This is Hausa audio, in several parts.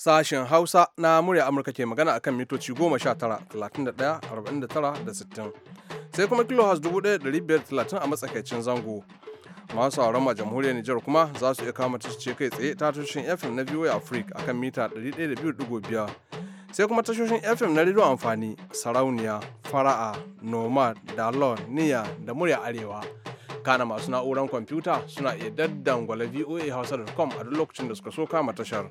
Sashen Hausa na murya Amurka ke magana akan mitoci 19, 31, 49 da 60. Sai kuma kilohas 1530 a matsakaicin zango. masu sauran a jamhuriyar Nijar kuma za su iya kama tushe kai tsaye ta tushen FM na VOA Africa akan mita 102.5 sai kuma tashoshin FM na rido amfani sarauniya fara'a nomad dalon niya da murya arewa kana masu na'uran kwamfuta suna iya daddan hausa voa hausa.com a duk lokacin da suka so kama tashar.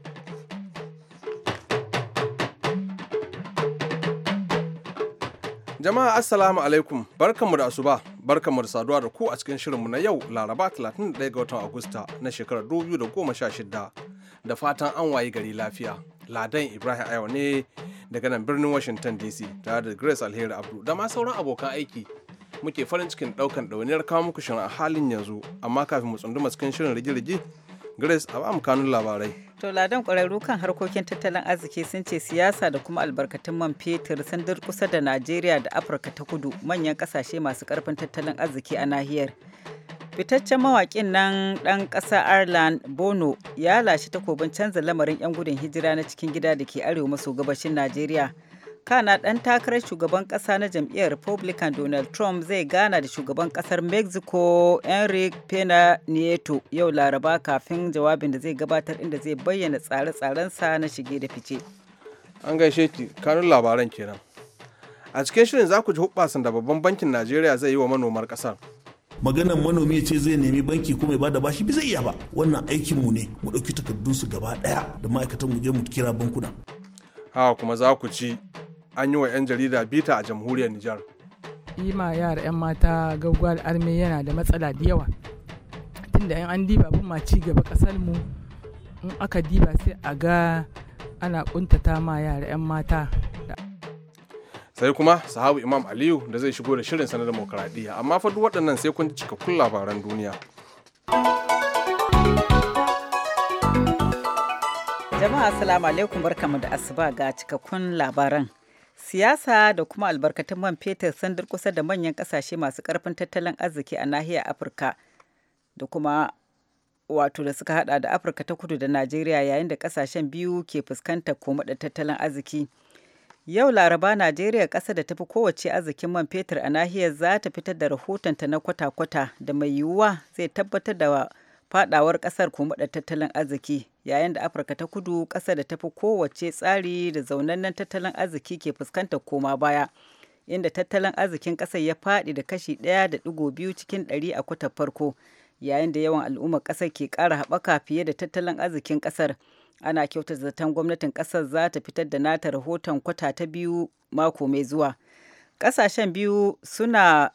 Jama'a Assalamu alaikum, barkanmu da asuba, barkanmu da saduwa da ku a cikin shirinmu na yau Laraba 31 ga watan Agusta na shekarar 2016 da fatan an wayi gari lafiya. Ladan Ibrahim Ayo ne daga nan birnin Washington DC tare da Grace Alheri Abdu da ma sauran abokan aiki muke farin cikin daukan ɗauniyar kawo muku shirin a halin yanzu amma kafin mu tsunduma cikin shirin rigi-rigi. Grace a ba mu kanun labarai. To ladan ƙwararru kan harkokin tattalin arziki sun ce siyasa da kuma albarkatun man fetur sun durkusa da Najeriya da Afirka ta kudu manyan ƙasashe masu ƙarfin tattalin arziki a nahiyar. Fitaccen mawaƙin nan ɗan ƙasa Ireland Bono ya lashe takobin canza lamarin 'yan gudun hijira na cikin gida da ke arewa maso gabashin Najeriya. kana ɗan takarar shugaban ƙasa na jam'iyyar republican donald trump zai gana da shugaban ƙasar mexico enrique pena nieto yau laraba kafin jawabin da zai gabatar inda zai bayyana tsare-tsarensa na shige da fice an gaishe ki kanun labaran kenan a cikin shirin za ku ji hubbasan da babban bankin najeriya zai yi wa manomar ƙasar maganan manomi ya ce zai nemi banki kuma ya bada bashi bi zai iya ba wannan aikin mu ne mu ɗauki takardun su gaba ɗaya da ma'aikatan mu je mu kira bankuna. Hawa kuma za ku ci an yi wa 'yan jarida bita a jamhuriyar Nijar. Ima yara 'yan mata gaggawar arme yana da matsala da yawa. Tunda 'yan an diba ba ma ci gaba kasar mu in aka diba sai a ga ana kuntata ma yara 'yan mata. Sai kuma sahabu Imam Aliyu da zai shigo da shirin sanar demokradiyya amma fa duk waɗannan sai kun cikakkun labaran duniya. Jama'a Assalamu alaikum barkamu da asuba ga cikakkun labaran. siyasa da kuma albarkatun man fetur sun durkusa da manyan kasashe masu karfin tattalin arziki a nahiyar afirka da kuma wato da suka hada da afirka ta kudu da najeriya yayin da kasashen biyu ke fuskantar da tattalin arziki yau laraba najeriya kasa da tafi kowace arzikin man fetur a nahiyar za ta fitar da rahotonta na kwata-kwata da mai yiwuwa zai tabbatar da faɗawar ƙasar da tattalin arziki yayin da afirka ta kudu ƙasa da tafi kowace tsari da zaunannen tattalin arziki ke fuskantar koma baya inda tattalin arzikin ƙasar ya faɗi da kashi ɗaya da biyu cikin ɗari a kwatar farko yayin da yawan al'ummar ƙasar ke ƙara haɓaka fiye da tattalin arzikin ƙasar ana kyautata zaton gwamnatin ƙasar za ta fitar da nata rahoton kwata ta biyu mako mai zuwa ƙasashen biyu suna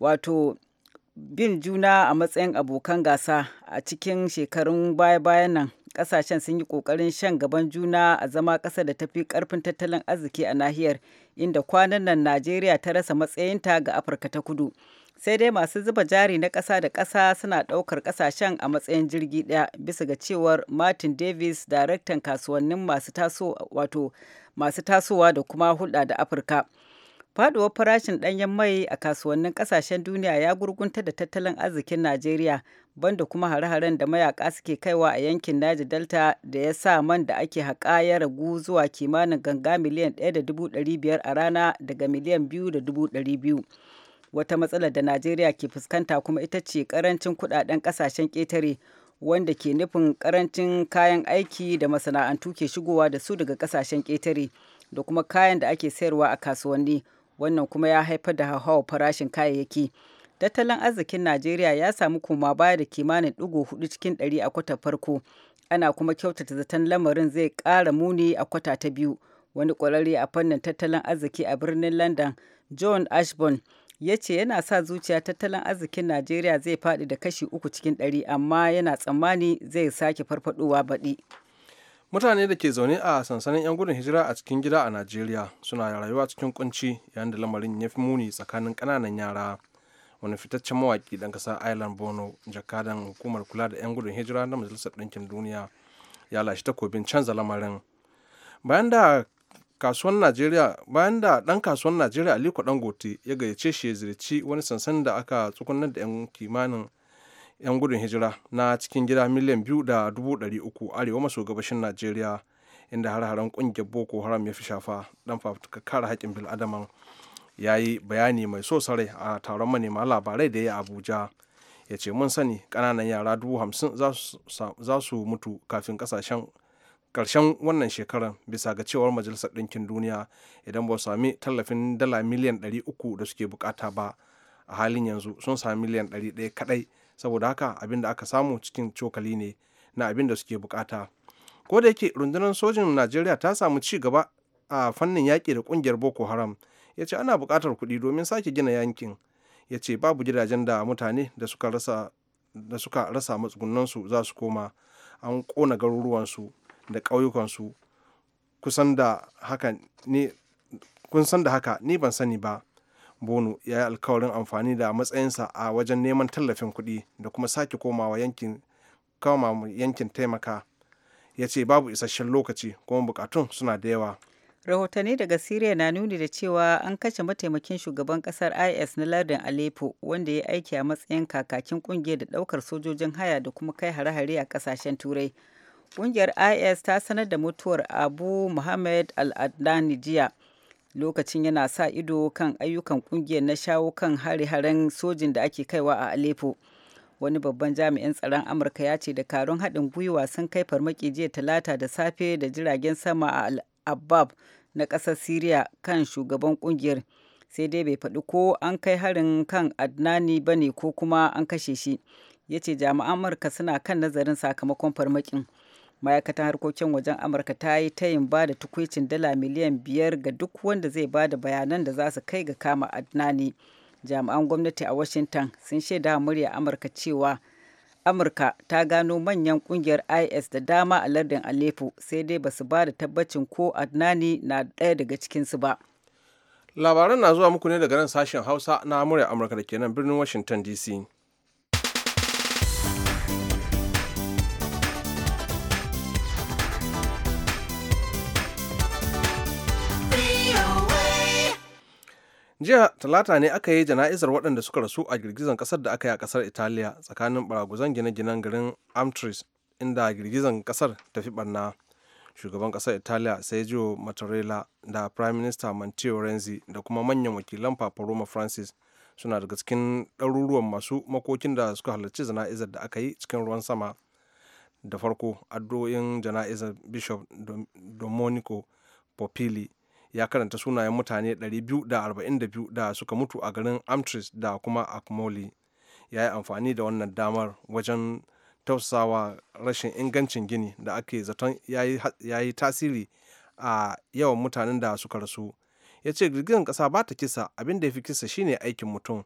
wato bin juna a matsayin abokan gasa a cikin shekarun baya-bayan nan kasashen sun yi kokarin shan gaban juna a zama ƙasa da tafi karfin tattalin arziki a nahiyar inda kwanan nan najeriya ta rasa matsayinta ga afirka ta kudu sai dai masu zuba jari na ƙasa da ƙasa suna ɗaukar ƙasashen a matsayin jirgi ɗaya bisa ga cewar martin davis daraktan kasuwannin masu tasowa da kuma hulɗa da afirka Faduwar farashin ɗanyen mai a kasuwannin ƙasashen duniya ya gurgunta da tattalin arzikin Najeriya, banda kuma hare-haren da mayaka suke kaiwa a yankin Niger Delta da ya sa man da ake haƙa ya ragu zuwa kimanin ganga miliyan 1.500 a rana daga miliyan 2.200. Wata matsalar da Najeriya ke fuskanta kuma ita ce ƙarancin kuɗaɗen ƙasashen ƙetare, wanda ke nufin ƙarancin kayan aiki da masana'antu ke shigowa da su daga ƙasashen ƙetare da kuma kayan da ake sayarwa a kasuwanni. wannan kuma ya haifar da hauhawar farashin kayayyaki tattalin arzikin najeriya ya samu koma baya da kimanin ɗigo hudu cikin ɗari a kwata farko ana kuma kyautata zaton lamarin zai kara muni a kwata ta biyu wani ƙwararre a fannin tattalin arziki a birnin london john ashburn ya ce yana sa zuciya tattalin arzikin najeriya zai faɗi da kashi uku cikin ɗari amma yana tsammani zai sake farfadowa baɗi mutane da ke zaune a sansanin 'yan gudun hijira a cikin gida a najeriya suna rayuwa cikin kunci yayin da lamarin ya fi muni tsakanin kananan yara wani fitaccen mawaƙi dan kasa island bono jakadan hukumar kula da 'yan gudun hijira na majalisar ɗinkin duniya ya lashe takobin canza lamarin bayan da kasuwan najeriya bayan da ɗan kasuwan najeriya aliko dangote ya gayyace shi ya ziyarci wani sansanin da aka tsukunar da 'yan kimanin 'yan gudun hijira na cikin gida miliyan biyu da dubu ɗari uku arewa maso gabashin najeriya inda har-haren ƙungiyar boko haram ya fi shafa dan fafutuka kare haƙƙin bil'adaman ya yi bayani mai so sarai a taron manema labarai da ya abuja ya ce mun sani ƙananan yara dubu hamsin za su mutu kafin ƙasashen karshen wannan shekarar bisa ga cewar majalisar ɗinkin duniya idan ba su sami tallafin dala miliyan uku da suke bukata ba a halin yanzu sun sami miliyan 100 kaɗai saboda haka abin da aka samu cikin cokali ne na abin da suke bukata ko da yake rundunar sojin najeriya ta samu ci gaba a fannin yaƙi da ƙungiyar boko haram ya ce ana bukatar kuɗi domin sake gina yankin ya ce babu gidajen da mutane da suka rasa matsugunansu za su koma an kona garuruwansu da ƙauyukansu kusan da haka ni ban sani ba bono ya yi alkawarin amfani da matsayinsa a wajen neman tallafin kuɗi da kuma sake komawa yankin kama yankin taimaka ya ce babu isasshen lokaci kuma bukatun suna da yawa rahotanni daga siriya na nuni da cewa an kashe mataimakin shugaban kasar is na lardin aleppo wanda ya yi aiki a matsayin kakakin kungiyar da daukar sojojin haya da kuma kai hare-hare a kasashen turai kungiyar is ta sanar da mutuwar abu muhammad al-adnani jiya lokacin yana sa ido kan ayyukan kungiyar na shawo kan hare-haren sojin da ake kaiwa a Aleppo. Wani babban jami'in tsaron Amurka ya ce dakarun haɗin gwiwa sun kai farmaki jiya talata da safe da jiragen sama a Al-Abbab na ƙasar Siriya kan shugaban kungiyar. Sai dai bai faɗi ko an kai harin kan Adnani ba ne ko kuma an kashe shi. Ya ce jami'an Amurka suna kan nazarin sakamakon farmakin. ma'aikatan harkokin wajen amurka ta yi tayin ba da tukwicin dala miliyan biyar ga duk wanda zai ba da bayanan da za su kai ga kama adnani jami'an gwamnati a washington sun shaida murya amurka cewa amurka ta gano manyan kungiyar is da dama a lardin aleppo sai dai ba su ba da tabbacin ko adnani na ɗaya daga cikinsu ba labaran na zuwa muku ne daga nan sashen hausa na murya amurka da ke birnin washington dc jiya talata ne aka yi jana'izar waɗanda suka rasu a girgizan ƙasar da aka yi a ƙasar italiya tsakanin baraguzan gine-ginen garin amtris inda girgizan ƙasar ta fi barna shugaban ƙasar italiya sergio mattarella da prime minister matteo renzi da kuma manyan wakilan papa roma francis suna daga cikin ɗaruruwan masu makokin da suka halarci jana'izar da aka yi cikin ruwan sama da farko addu'o'in jana'izar bishop domenico popili ya karanta sunayen mutane 242 da suka mutu a garin amtris da kuma akmoli ya yi amfani da wannan damar wajen tausawa rashin ingancin gini da ake zaton ya yi tasiri a yawan mutanen da suka rasu ya ce girgizar kasa ba ta kisa abin da ya fi kisa shine aikin mutum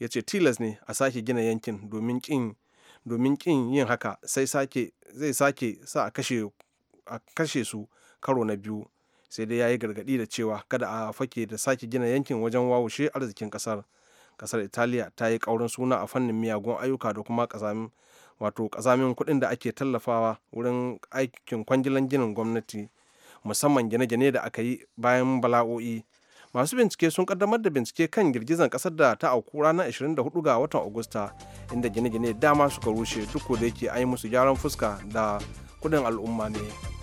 ya ce tilas ne a sake gina yankin domin kin domin kin yin haka sai sake zai sake sa a kashe su karo na biyu sai dai ya yi gargaɗi da cewa kada a fake da sake gina yankin wajen wawushe arzikin ƙasar kasar italiya ta yi ƙaurin suna a fannin miyagun ayyuka da kuma ƙazamin wato ƙazamin kuɗin da ake tallafawa wurin aikin kwangilan ginin gwamnati musamman gine-gine da aka yi bayan bala'o'i masu bincike sun kaddamar da bincike kan girgizan kasar da ta auku ranar 24 ga watan agusta inda gine-gine dama suka rushe duk da yake an yi musu gyaran fuska da kudin al'umma ne.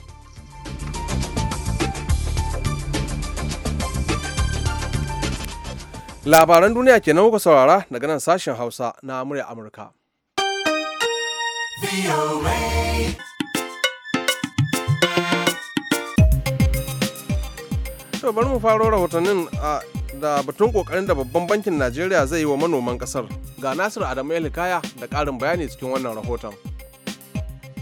labaran duniya ke nan muka saurara daga nan sashen hausa na murya amurka to bari mu faro rahotannin da batun kokarin da babban bankin najeriya zai yi wa manoman kasar ga nasiru adamu elikaya da ƙarin bayani cikin wannan rahoton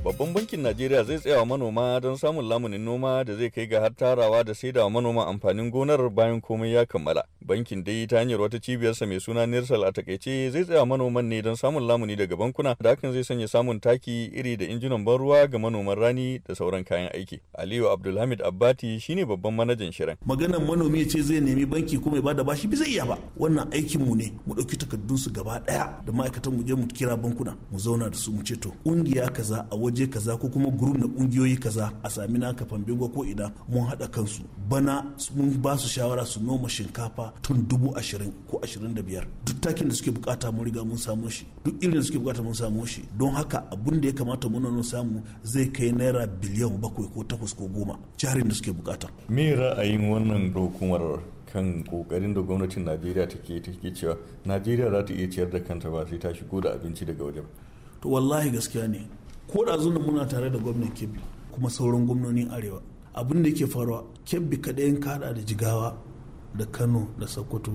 babban bankin najeriya zai tsaya wa manoma don samun lamunin noma da zai kai ga har tarawa da saida wa manoma amfanin gonar bayan komai ya kammala Bankin dai ta hanyar wata cibiyarsa mai suna Nirsal a takaice zai tsaya manoman ne don samun lamuni daga bankuna da hakan zai sanya samun taki iri da injinan ban ruwa ga manoman rani da sauran kayan aiki. Aliyu Abdulhamid Abbati shine babban manajan shirin. Maganar manomi ce zai nemi banki kuma ya bada bashi bi zai iya ba. Wannan aikin mu ne mu ɗauki takardunsu gaba ɗaya da ma'aikatan mu je mu kira bankuna mu zauna da su mu ce to kungiya kaza a waje kaza ko kuma group na kungiyoyi kaza a sami naka fambe ko ina mun haɗa kansu bana mun ba su shawara su noma shinkafa tun dubu ashirin ko ashirin da biyar duk takin da suke bukata mun riga mun samu shi duk irin da suke bukata mun samu shi don haka abun da ya kamata mun nan samu zai kai naira biliyan bakwai ko takwas ko goma jarin da suke bukata. me ra'ayin wannan hukumar kan kokarin da gwamnatin najeriya take take cewa najeriya za ta iya ciyar da kanta ba sai ta shigo da abinci daga waje to wallahi gaskiya ne ko da zunan muna tare da gwamnan kebbi kuma sauran gwamnonin arewa abin da yake faruwa kebbi kaɗayan kada da jigawa da kano da sokoto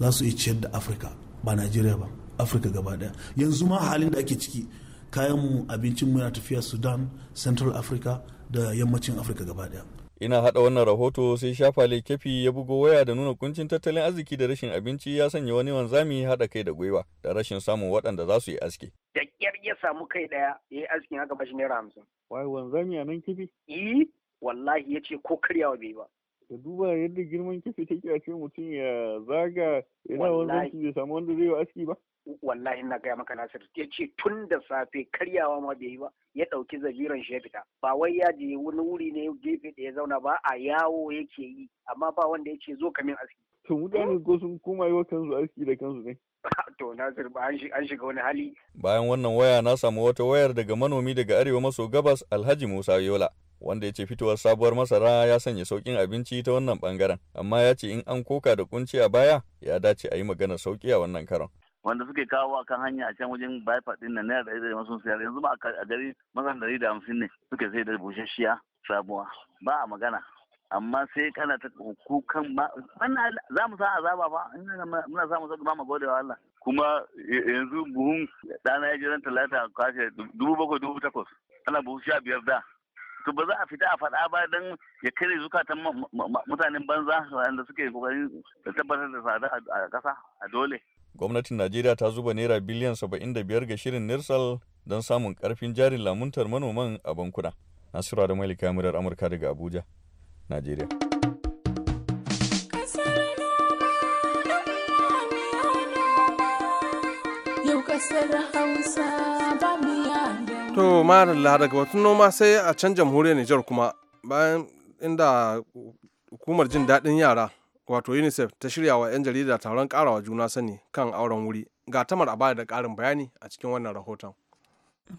za su iya ciyar da afirka ba najeriya ba afirka gaba daya yanzu ma halin da ake ciki kayan kayanmu abincinmu yana tafiya sudan central africa da yammacin afirka gaba daya ina hada wannan rahoto sai shafa kefi ya bugo waya da nuna kuncin tattalin arziki da rashin abinci ya sanya wani wanzami hada kai da gwiwa da rashin samun waɗanda za su yi aski da kyar ya samu kai daya ya yi askin haka shi naira hamsin wai wanzami a nan kifi? yi wallahi ya ce ko karyawa bai ba ka duba yadda girman kifi take a ce mutum ya zaga yana wanzan ki bai samu wanda zai yi aski ba wallahi na gaya maka nasir ya ce tun da safe karyawa ma bai yi ba ya ɗauki zabiran shi ya fita ba wai ya je wani wuri ne gefe da ya zauna ba a yawo yake yi amma ba wanda ya ce zo kamin aski to mutane ko sun koma yi wa kansu aski da kansu ne to na an shiga wani hali. Bayan wannan waya na samu wata wayar daga manomi daga arewa maso gabas Alhaji Musa Yola. Wanda ya ce fitowar sabuwar masara ya sanya sauƙin abinci ta wannan ɓangaren, amma ya ce in an koka da kunci a baya ya dace a yi magana sauƙi a wannan karon. Wanda suke kawo a kan hanya a can wajen bypass ɗin na naira ɗari ɗari masu siyar yanzu ba a gari masan ɗari da hamsin ne suke sai da busasshiya sabuwa ba a magana amma sai kana ta kukan ba wannan za mu sa azaba ba muna samu sauki ba mu gode wa Allah kuma yanzu buhun dana ya jiran talata kashe dubu bakwai dubu takwas ana buhu sha biyar da to ba za a fita a faɗa ba don ya kare zukatan mutanen banza wanda suke kokarin tabbatar da tsada a ƙasa a dole gwamnatin najeriya ta zuba naira biliyan saba'in da biyar ga shirin nirsal don samun karfin jarin lamuntar manoman a bankuna nasiru Adamu Ali murar amurka daga abuja najeriya to marilla daga batun noma sai a can jamhuriyar nijar kuma bayan inda hukumar jin daɗin yara wato unicef ta shirya wa 'yan jarida taron karawa juna sani kan auren wuri ga tamar a bada da karin bayani a cikin wannan rahoton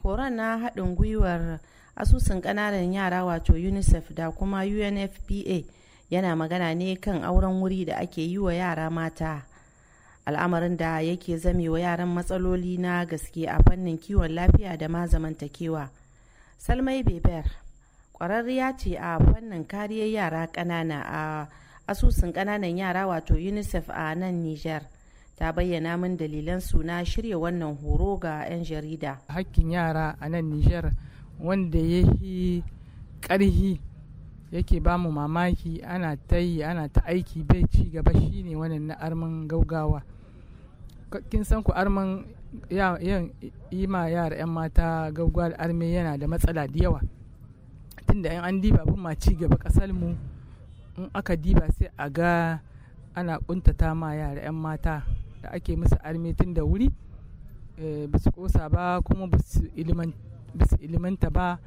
horon na haɗin gwiwar asusun ƙananan yara wato unicef da kuma unfpa yana magana ne kan auren wuri da ake yi wa yara mata al'amarin da yake zame wa yaran matsaloli na gaske a fannin kiwon lafiya da ma zamantakewa salmai beber ƙwararriya ce a fannin kariyar yara ƙanana a asusun ƙananan yara wato unicef a nan niger ta bayyana min dalilan su na shirya wannan horo ga 'yan jarida hakkin yara a nan niger wanda ya yi ƙarhi yake ba mu mamaki ana ta yi ana ta aiki bai ci gaba shine wannan na arman gaugawa kin san ku arman yin ima yara 'yan mata gaugawa da arme yana da matsala da yawa tunda yan an diba bin ma ci gaba kasar mu in aka diba sai a ga ana kuntata ma yara 'yan mata da ake musu arme tun da wuri eh, ba su kosa ba kuma ba su ilimantar ba su ilimanta ba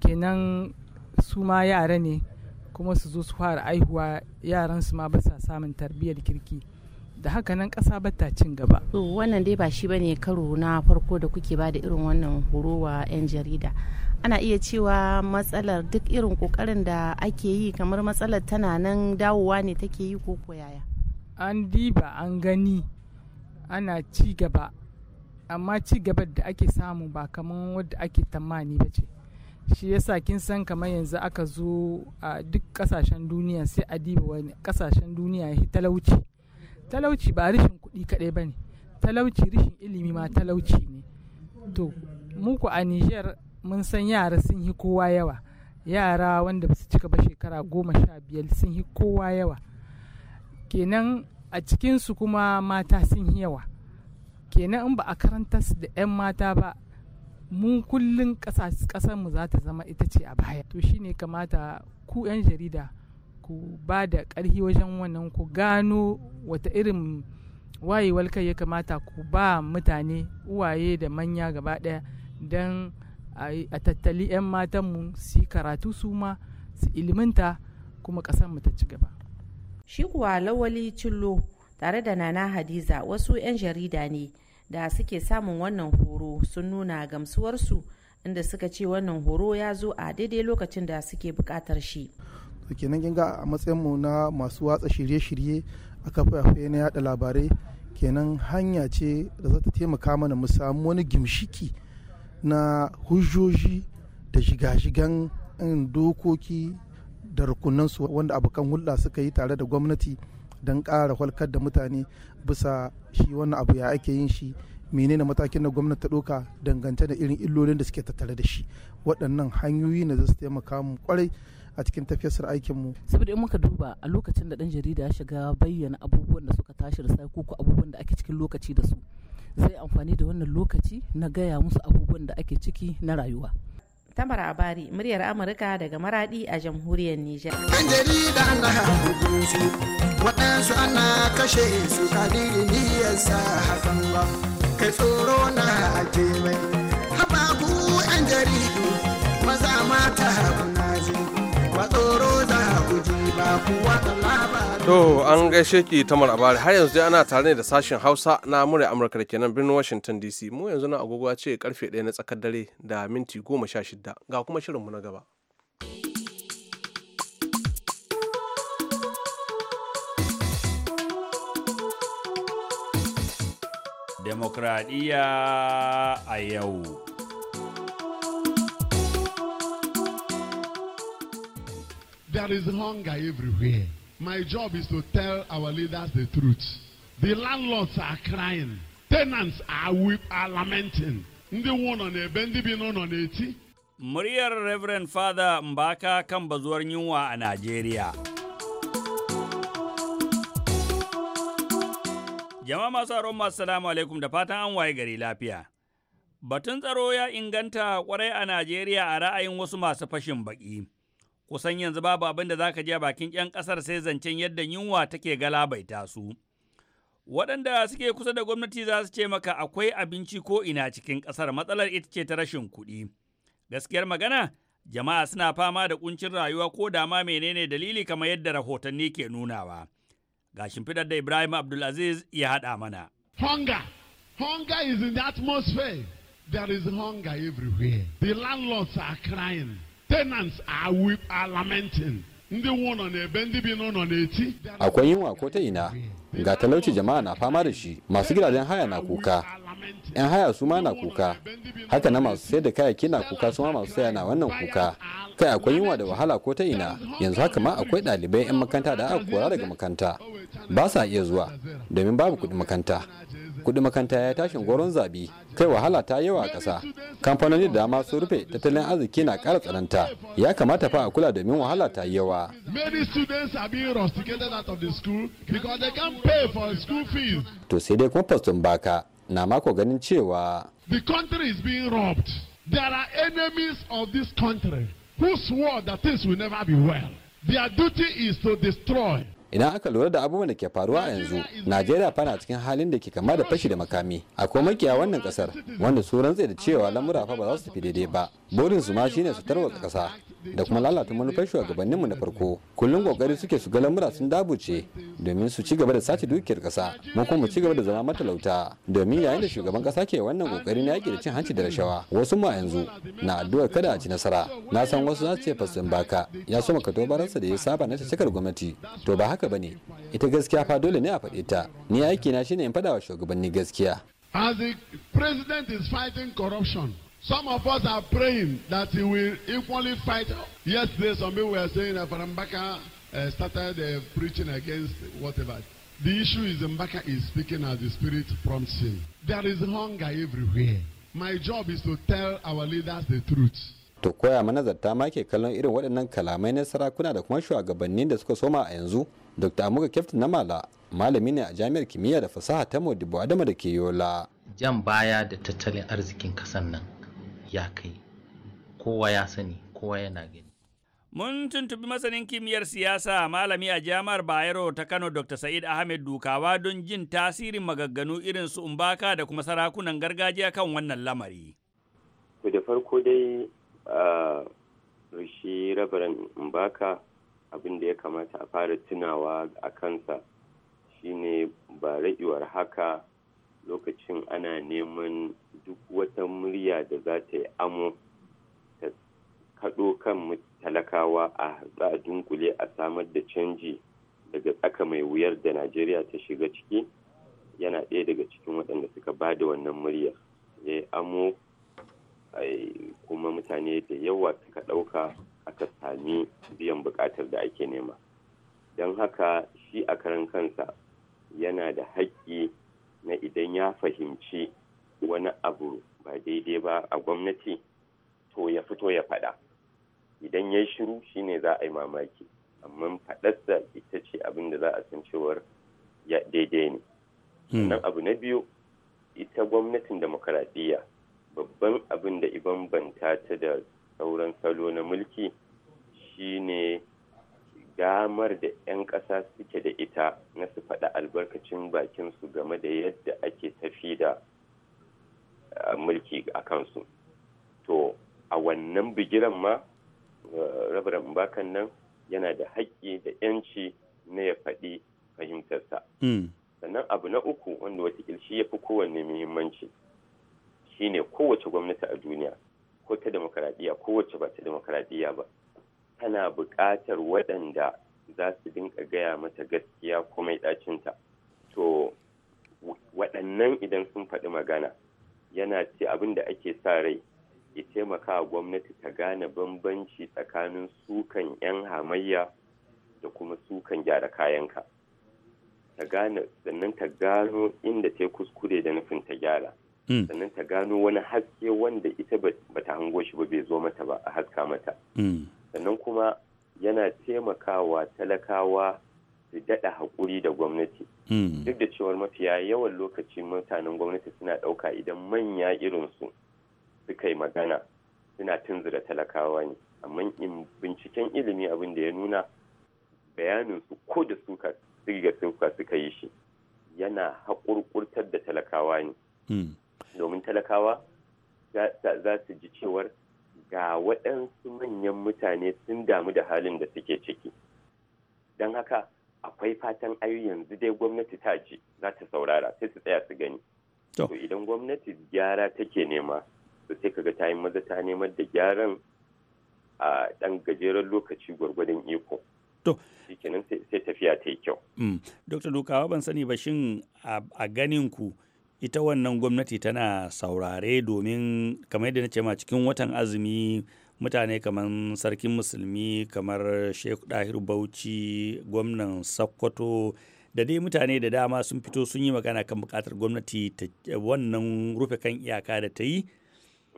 kenan su ma yara ne kuma su zo su fara aihuwa yaran su ma ba sa samun tarbiyyar kirki da haka nan ƙasa ba ta cin gaba. wannan dai ba shi bane karo na farko da kuke ba da irin wannan horo wa 'yan jarida ana iya cewa matsalar duk irin kokarin da ake yi kamar matsalar tana nan dawowa ne take yi ko koyaya an diba an gani ana ci gaba amma ci gaban da ake samu ba kamar wadda ake tamani ba ce shi yasa kin san kamar yanzu aka zo a duk kasashen duniya sai a diba wani kasashen duniya ya talauci talauci ba rashin kuɗi kaɗai ba ne talauci rashin ilimi ma talauci ne to muku a niger mun san yara sun yi kowa yawa yara wanda ba su cika ba shekara goma sha biyar sun yi kowa yawa kenan a cikinsu kuma mata sun yi yawa kenan in ba a karanta su da 'yan mata ba mun kullum kasar mu za ta zama ita ce a baya to shine kamata ku 'yan jarida ku ba da ƙarfi wajen wannan ku gano wata irin wayewar kai ya kamata ku ba mutane uwaye da manya gaba ɗaya don a tattali 'yan matanmu su yi karatu su ma su iliminta kuma ƙasar mu ta ci gaba shi kuwa lawali cillo tare da nana hadiza wasu 'yan jarida ne da suke samun wannan horo sun nuna gamsuwarsu inda suka ce wannan horo ya zo a daidai lokacin da suke bukatar shi kenan kinga a matsayinmu na masu watsa shirye-shirye a kafafe na yada labarai kenan hanya ce da za ta taimaka mana mu samu wani gimshiki na hujjoji da shiga-shigan dokoki da rukunansu wanda abokan hulɗa suka yi tare da gwamnati don ƙara walkar da mutane bisa shi wannan abu ya ake yin shi menene matakin da gwamnati ta ɗauka dangance da irin illolin da suke tattare da shi waɗannan hanyoyi ne za su taimaka mu kwarai a cikin tafiyar mu. saboda in muka duba a lokacin da ɗan jarida ya shiga bayyana abubuwan da suka tashi da sai ko abubuwan da ake cikin lokaci da su zai amfani da wannan lokaci na gaya musu abubuwan da ake ciki na rayuwa tamar Abari, muryar Amurka daga Maradi a jamhuriyar Nijar. Yan jarida ana su, waɗansu ana kashe su kadiri niyyarsa hakan ba, kai tsoro na ake mai. Hababu yan jaridu, maza mata kuna ji, wa tsoro za To an gaishe ki ta abari har yanzu ana tare ne da sashen Hausa na murya Amurka da nan birnin Washington DC mu yanzu na agogo ce karfe 1 na tsakar dare da minti goma sha 16 ga kuma shirin mu na gaba. Demokradiyya a yau. There is hunger everywhere. My job is to tell our leaders the truth. The landlords are crying. Tenants are, weep, are lamenting. Ndị nwụ nọ n'ebe ndị bi n'ụlọ na Muryar Reverend Father Mbaka kan bazuwar yunwa a Najeriya. Jama'a masu aron masu salamu alaikum da fatan an waye gari lafiya. Batun tsaro ya inganta kwarai a Najeriya a ra'ayin wasu masu fashin baki. kusan yanzu babu abin da za ka je a bakin 'yan ƙasar sai zancen yadda yunwa take galabaita su. Waɗanda suke kusa da gwamnati za su ce maka akwai abinci ko ina cikin ƙasar matsalar ita ce ta rashin kuɗi. Gaskiyar magana, jama'a suna fama da ƙuncin rayuwa ko dama menene dalili kamar yadda rahotanni ke nunawa. Ga shimfiɗar da Ibrahim Abdulaziz ya haɗa mana. Hunger. Hunger is in the atmosphere. There is hunger everywhere. The landlords are crying. tenants are, weep, are lamenting ndị nwụ nọ n'ebe ndị bi n'ụlọ na akwai yunwa ko ta ina ga talauci jama'a na fama da shi masu gidajen haya na kuka yan haya su ma na kuka haka na masu sayar da kayayyaki na kuka su ma masu saya na wannan kuka kai akwai yunwa da wahala ko ta ina yanzu haka ma akwai ɗalibai yan makanta da aka kora daga makanta ba sa iya zuwa domin babu kuɗin makanta kuɗin makanta ya tashin goron zabi kai wahala ta yawa a kasa kamfanoni da dama sun rufe tattalin arziki na kara tsananta ya kamata fa a kula domin wahala ta yawa to sai dai kuma faston baka na mako ganin cewa the country is being robbed there are enemies of this country who swore that things will never be well their duty is to destroy idan aka lura da abubuwan da ke faruwa a yanzu najeriya fana cikin halin da ke kama da fashi da makami akwai makiya wannan kasar wanda su rantse da cewa lamura fa ba za su tafi daidai ba burin su ma shine su tarwa kasa da kuma lalata manufar mu na farko kullum kokari suke su ga lamura sun dabuce domin su ci gaba da sace dukiyar kasa mu kuma mu ci gaba da zama matalauta domin yayin da shugaban kasa ke wannan kokari na yaki da cin hanci da rashawa wasu ma yanzu na addu'ar kada a ci nasara na san wasu za su ce fasin baka ya so maka baransa da ya saba na cikar gwamnati to ba haka haka bane ita gaskiya fa dole ne a faɗe ta ni aiki na shine in faɗa wa shugabanni gaskiya as the president is fighting corruption Some of us are praying that he will equally fight. Yesterday, some people were saying that Farambaka uh, started uh, preaching against whatever. The issue is Mbaka is speaking as the Spirit prompts him. There is hunger everywhere. My job is to tell our leaders the truth. To koya manazarta ma ke kallon irin waɗannan kalamai na sarakuna da kuma shugabannin da suka soma a yanzu dr Amuka kyaftin na mala malami ne a jami'ar kimiyya da fasaha ta modibo adama da ke yola jan baya da tattalin arzikin kasan nan ya kai kowa ya sani kowa yana gani Mun tuntubi masanin kimiyyar siyasa malami a jami'ar Bayero ta Kano Dr. Sa'id Ahmed Dukawa don jin tasirin magagganu irin su umbaka da kuma sarakunan gargajiya kan wannan lamari. Ku da farko dai ah, shi rabaran umbaka abin da ya kamata a fara tunawa a kansa shine ba ra'iwar haka lokacin ana neman duk wata murya da za ta yi amo ta kaɗo kan talakawa a za a dunkule a samar da canji daga tsaka mai wuyar da najeriya ta shiga ciki yana ɗaya daga cikin waɗanda suka ba da wannan murya ya amo kuma mutane da yawa suka ɗauka aka sami biyan bukatar da ake nema don haka shi a karan kansa yana da haƙƙi na idan ya fahimci wani abu ba daidai ba a gwamnati to ya fito ya faɗa idan ya shiru shine za a yi mamaki amma fadarsa ita ce abin da za a san cewar ya daidai ne hmm. sannan abu na biyu ita gwamnatin demokaradiyya babban abin da iban banta ta da sauran salo na mulki shine damar da 'yan ƙasa suke da ita na su faɗa albarkacin bakin su game da yadda ake tafi da mulki a kansu to a wannan bigiran ma eh, rabaran bakan nan yana da haƙƙi da 'yanci na ya faɗi fahimtarsa hmm. sannan abu na uku wanda watakil shi ya fi kowanne muhimmanci shine kowace gwamnati a duniya ko ta demokaradiyya kowace ba ta demokaradiyya ba tana buƙatar waɗanda za su dinka gaya mata gaskiya ko mai ɗacinta to waɗannan idan sun faɗi magana yana ce abin da ake sa rai ya taimaka gwamnati ta gane bambanci tsakanin sukan 'yan hamayya da kuma sukan gyara kayanka ta gane sannan ta gano inda ta kuskure da nufin ta gyara Mm. sannan ta gano wani haske wanda ita ba ta hango shi ba bai zo mata ba a haska mata mm. sannan kuma yana taimakawa talakawa da daɗa haƙuri da gwamnati mm. duk da cewar mafiya yawan lokaci mutanen gwamnati suna ɗauka idan manya irinsu suka yi magana suna tunzura talakawa ne amma in binciken ilimi abin da ya nuna bayanin su ko da suka suka suka yi shi yana haƙurƙurtar da talakawa ne domin talakawa za su ji cewar ga waɗansu manyan mutane sun damu da halin da suke ciki don haka akwai fatan ayu yanzu dai gwamnati ta ji za ta saurara sai su tsaya su gani to idan gwamnati gyara take nema su sai kaga ta yi maza ta neman da gyaran a ɗan gajeren lokaci gwargwadon iko to sai tafiya ta yi kyau mm. dr dukawa ban sani ba shin a ganin ku ita wannan gwamnati tana saurare domin kamar yadda na ce ma cikin watan azumi mutane kamar sarkin musulmi kamar sheikh dahir bauchi gwamnan sokoto da dai mutane da dama sun fito sun yi magana kan bukatar gwamnati ta wannan rufe kan iyaka da ta yi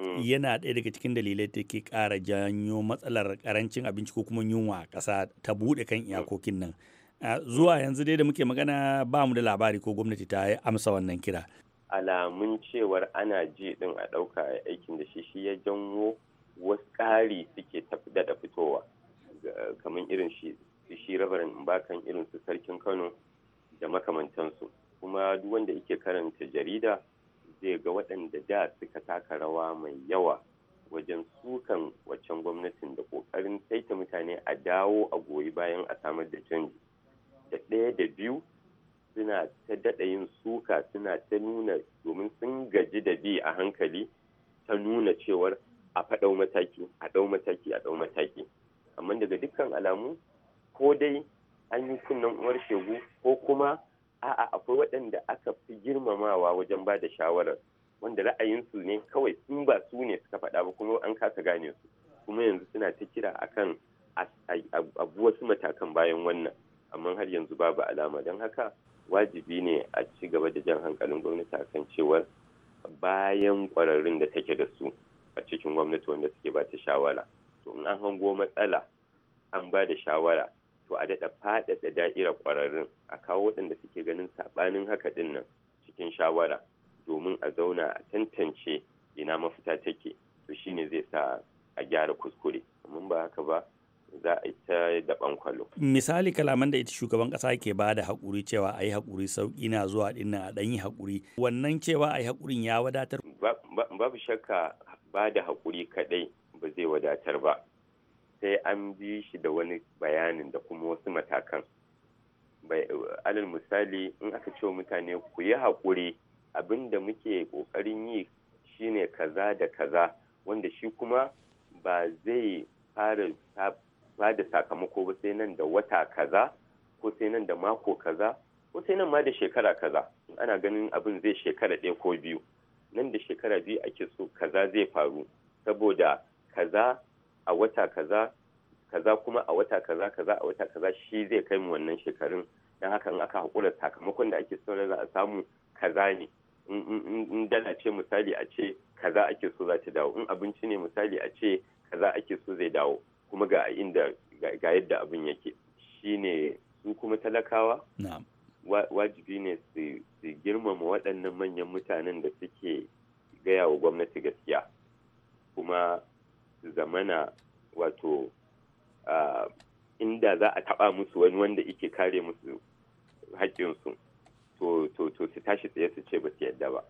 mm. yana ɗaya daga cikin dalilai da ke kara janyo matsalar karancin abinci ko kuma yunwa a ƙasa ta buɗe kan mm. iyakokin nan zuwa yanzu dai da muke magana ba mu da labari ko gwamnati ta amsa wannan kira alamun cewar ana ji din a ɗauka a aikin da shi shi ya janwo wasu ƙari suke da fitowa kamar irin shi shi rabarin bakan irin su sarkin kano da makamantansu kuma duk wanda yake karanta jarida zai ga waɗanda da suka taka rawa mai yawa wajen sukan waccan gwamnatin da ƙoƙarin saita mutane a dawo a goyi bayan a samar da canji da ɗaya da biyu suna ta daɗa yin suka suna ta nuna domin sun gaji da bi a hankali ta nuna cewar a faɗau mataki a ɗau mataki a ɗau mataki amma daga dukkan alamu ko dai an yi kunnen uwar shegu ko kuma a'a akwai waɗanda aka fi girmamawa wajen ba da shawarar wanda ra'ayinsu ne kawai sun ba su ne suka faɗa ba kuma an kasa gane su kuma yanzu suna ta kira kan abu wasu matakan bayan wannan amma har yanzu babu alama don haka wajibi ne a ci gaba da jan hankalin gwamnati a kan cewar bayan kwararrun da take da su a cikin gwamnati wanda suke ba ta shawara to in an hango matsala an ba da shawara to a daɗa faɗaɗa da'irar kwararrun a kawo waɗanda suke ganin saɓanin haka ɗin nan cikin shawara domin a zauna a tantance ina mafita take to shine zai sa a gyara kuskure domin ba haka ba za a ta da bankwalo Misali kalaman da ita shugaban kasa ke ba da haƙuri cewa a yi haƙuri sauƙi na zuwa ɗin a ɗan yi haƙuri. Wannan cewa a yi haƙurin ya wadatar? Babu shakka ba da haƙuri kaɗai ba zai wadatar ba. Sai an bi shi da wani bayanin da kuma wasu matakan. Alal misali in aka ce mutane ku yi haƙuri abin da muke ƙoƙarin yi shine kaza da kaza wanda shi kuma ba zai fara ba da sakamako ba sai nan da wata kaza ko sai nan da mako kaza ko sai nan ma da shekara kaza ana ganin abin zai shekara ɗaya ko biyu nan da shekara biyu ake so kaza zai faru saboda kaza a wata kaza kaza kuma a wata kaza kaza a wata kaza shi zai kai mu wannan shekarun don haka in aka haƙura sakamakon da ake so za a samu kaza ne in dala ce misali a ce kaza ake so za ta dawo in abinci ne misali a ce kaza ake so zai dawo kuma ga inda ga yadda abin yake shine su kuma talakawa wajibi ne su girmama waɗannan manyan mutanen da suke gaya wa gwamnati gaskiya kuma su zamana wato inda za a taɓa musu wani wanda ike kare musu haƙƙinsu to su tashi tsaye su ce ba su yadda ba.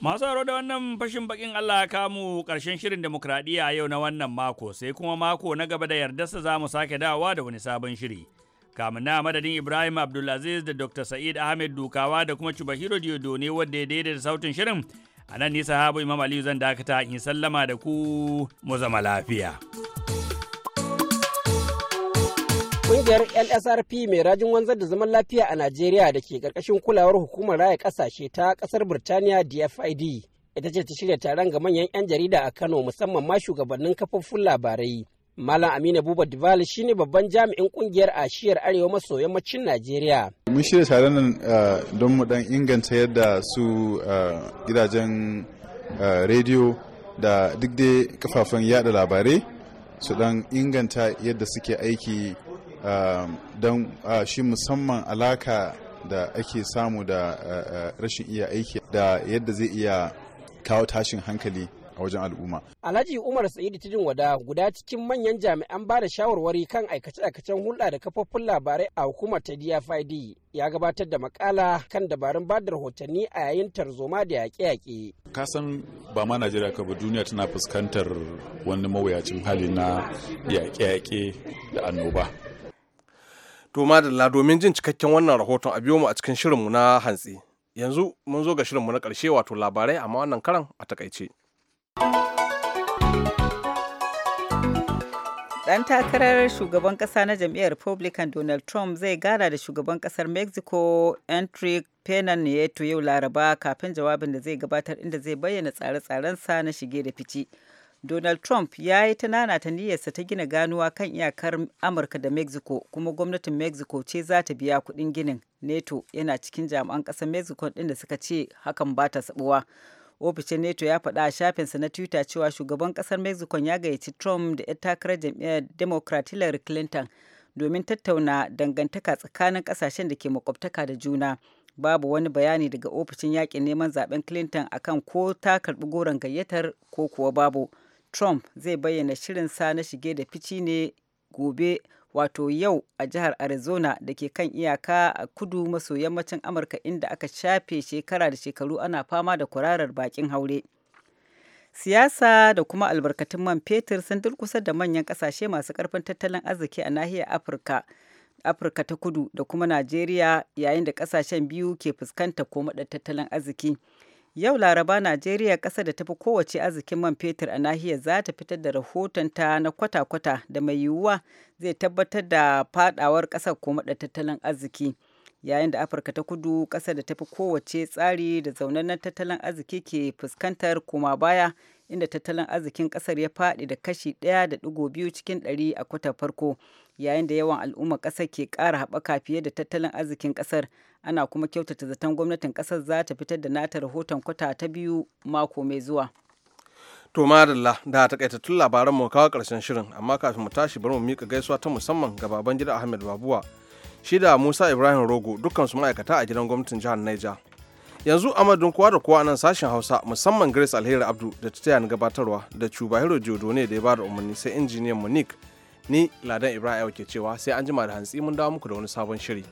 Masu haro da wannan fashin bakin Allah kamu karshen shirin demokradiyya yau na wannan mako sai kuma mako na gaba da yardarsa za mu sake dawa da wani sabon shiri. Kamun na madadin Ibrahim Abdulaziz da Dr. Sa'id Ahmed Dukawa da kuma Chubahiro Diodo ne wadda ya daidaita sautin shirin. A nan nisa habu Imam Aliyu zan dakata in sallama da ku mu zama lafiya. Ƙungiyar LSRP mai rajin wanzar da zaman lafiya a Najeriya da ke ƙarƙashin kulawar hukumar raya ƙasashe ta ƙasar Birtaniya DFID ita ce ta shirya taron ga manyan 'yan jarida a Kano musamman ma shugabannin kafofin labarai. Malam Aminu Buba Duval shine babban jami'in ƙungiyar a shiyar arewa maso yammacin Najeriya. Mun shirya taron nan uh, don mu dan inganta yadda su uh, gidajen uh, rediyo da duk dai kafafen yada labarai su dan inganta yadda suke aiki Um, don uh, shi musamman alaka da ake samu da uh, uh, rashin iya aiki da yadda zai iya kawo tashin hankali a wajen al'umma. Alhaji Umar Sa'idu Tijin Wada guda cikin manyan jami'an ba da shawarwari kan aikace-aikacen hulɗa da kafofin labarai a hukumar ta DFID ya gabatar da makala kan dabarun ba da rahotanni a yayin tarzoma da yaƙe-yaƙe. Ka san ba ma Najeriya ka ba duniya tana fuskantar wani mawuyacin hali na yaƙe-yaƙe da annoba. To madalla domin jin cikakken wannan rahoton a biyo mu a cikin mu na hantsi. Yanzu mun zo ga shirin mu na ƙarshe wato labarai amma wannan karan a takaice. Dan takarar shugaban kasa na jam'iyyar Republican Donald Trump zai gara da shugaban kasar Mexico Enrique Pena Nieto yau Laraba kafin jawabin da zai gabatar inda zai bayyana tsare-tsarensa na shige da fice. Donald Trump ya yi ta nanata niyyarsa ta gina ganuwa kan iyakar Amurka da Mexico kuma gwamnatin Mexico ce za ta biya kuɗin ginin. NATO yana cikin jami'an ƙasar Mexico ɗin da suka ce hakan ba ta sabuwa. Ofishin NATO ya faɗa a shafinsa na Twitter cewa shugaban ƙasar Mexico ya gayyaci Trump da 'yar takarar jam'iyyar Democrat Hillary Clinton domin tattauna dangantaka tsakanin ƙasashen da ke makwabtaka da juna. babu wani bayani daga ofishin yakin neman zaben clinton akan ko ta karɓi goron gayyatar ko kuwa babu Trump zai bayyana shirinsa na shige da fici ne gobe wato yau a jihar Arizona da ke kan iyaka a kudu maso yammacin Amurka inda aka shafe shekara da shekaru ana fama da kurarar bakin haure. Siyasa da kuma albarkatun man fetur sun durkusa da manyan kasashe masu karfin tattalin arziki a nahiyar Afirka. Afirka ta kudu da kuma Najeriya yayin da kasashen biyu ke fuskanta komaɗar tattalin arziki. Yau Laraba Najeriya ƙasa da tafi kowace arzikin man fetur a nahiyar za ta fitar da rahotonta na kwata-kwata da mai yiwuwa zai tabbatar da fadawar ƙasar kuma da tattalin arziki. Yayin da Afirka ta kudu ƙasa da tafi kowace tsari da zaunannen tattalin arziki ke fuskantar koma baya inda tattalin arzikin kasar ya faɗi da kashi 1.2 cikin 100 a kwatar farko yayin da yawan al'ummar kasar ke kara haɓaka fiye da tattalin arzikin kasar ana kuma kyautata zaton gwamnatin kasar za ta fitar da nata rahoton kwata ta biyu mako mai zuwa to madalla da takaitattun labaran mu kawo karshen shirin amma kafin mu tashi bari mu mika gaisuwa ta musamman ga baban gida Ahmed Babuwa shi da Musa Ibrahim Rogo dukkan su ma'aikata a gidan gwamnatin jihar Niger yanzu amadun kowa da kowa nan sashen hausa musamman grace alheri abdu da ta taya gabatarwa da cubahiro jodo ne da ya bada umarni sai injiniyan mu ni ladan ibrahim ke cewa sai an jima da hantsi mun dawo muku da wani sabon shiri